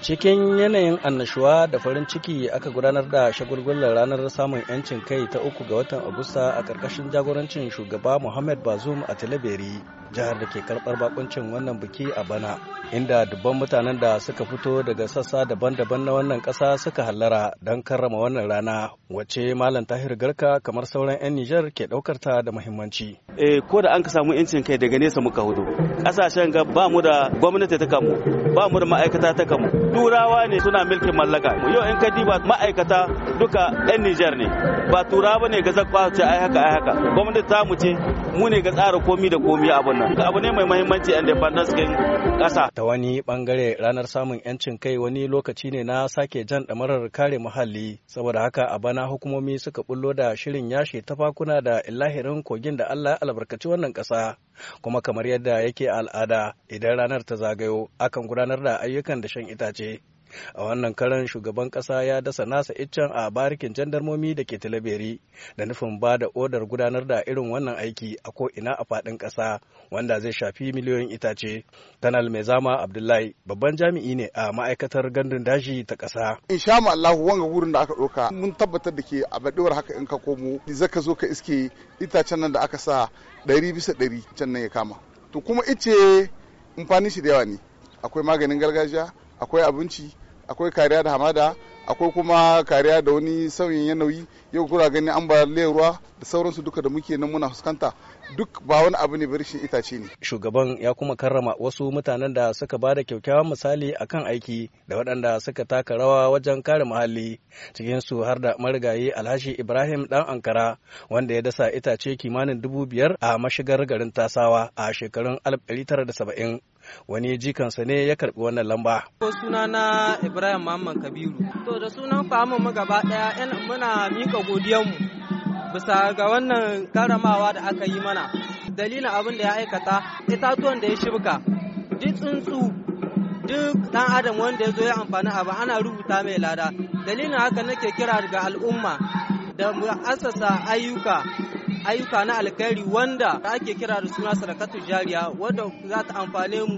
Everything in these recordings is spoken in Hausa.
Cikin yanayin annashuwa da farin ciki aka gudanar da shagulgular ranar samun 'yancin kai ta uku ga watan Agusta a ƙarƙashin jagorancin shugaba Muhammad Bazoum a Talabiri. jihar da ke karbar bakuncin wannan biki a bana inda dubban mutanen da suka fito daga sassa daban-daban na wannan kasa suka hallara don karrama wannan rana wace malam tahir garka kamar sauran 'yan nijar ke ɗaukar ta da muhimmanci. eh ko da an ka samu 'yancin kai daga nesa muka hudu kasashen ga ba mu da gwamnati ta kamu ba mu da ma'aikata ta kamu turawa ne suna milkin mallaka yau in ka diba ma'aikata duka 'yan nijar ne ba turawa ne ga zakwa ce ai haka ai haka gwamnati ta mu ce mu ne ga tsara komi da komi bana. wannan abu ne mai mahimmanci independence din kasa ta wani bangare ranar samun yancin kai wani lokaci ne na sake jan damarar kare muhalli saboda haka a bana hukumomi suka bullo da shirin yashe tafakuna da illahirin kogin da Allah ya albarkaci wannan kasa kuma kamar yadda yake al'ada idan ranar ta zagayo akan gudanar da ayyukan da shan itace a wannan karan shugaban kasa ya dasa nasa iccen a barikin jandarmomi da ke talaberi da nufin ba da odar gudanar da irin wannan aiki a ko'ina a faɗin ƙasa wanda zai shafi miliyoyin itace tanal mai zama abdullahi babban jami'i ne a ma'aikatar gandun daji ta ƙasa insha allahu wanga wurin da aka ɗauka mun tabbatar da ke a baɗewar haka in ka komo zaka zo ka iske itacen nan da aka sa ɗari bisa ɗari can nan ya kama to kuma ice amfanin shi da yawa ne akwai maganin gargajiya akwai abinci akwai kariya da hamada akwai kuma kariya da wani sauyin yanayi yau kura gani ambaliyar ruwa da sauransu duka da muke nan muna fuskanta duk ba wani abu ne bari itace ne shugaban ya kuma karrama wasu mutanen da suka ba da kyakkyawan misali akan aiki da waɗanda suka taka rawa wajen kare muhalli cikin su har da marigayi alhashi ibrahim dan ankara wanda ya dasa itace kimanin dubu biyar a mashigar garin tasawa a shekarun alif ɗari da saba'in wani jikansa ne ya karbi wannan lamba ko suna na ibrahim muhammad kabiru to da sunan fama mu gaba daya muna mika godiyanmu bisa ga wannan karamawa da aka yi mana dalilin abin da ya aikata itatuwan da ya shibka duk tsuntsu duk dan adam wanda ya zo ya amfani abu ana rubuta mai lada dalilin haka nake kira ga al'umma da assasa ayyuka ayyuka na alkhairi wanda ake kira da suna sadakatu jariya wanda za ta amfane mu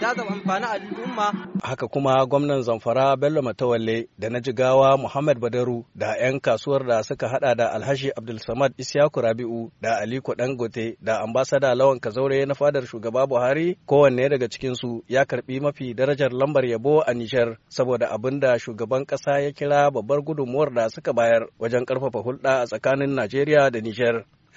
za ta amfani al'umma haka kuma gwamnan zamfara bello matawalle da na jigawa muhammad badaru da 'yan kasuwar da suka hada da alhaji abdulsamad Isiyaku rabi'u da aliko dangote da ambasada lawan kazaure na fadar shugaba buhari kowanne daga cikin su ya karbi mafi darajar lambar yabo a Nijar saboda abin da shugaban kasa ya kira babbar gudunmuwar da suka bayar wajen karfafa hulɗa a tsakanin najeriya da Nijar.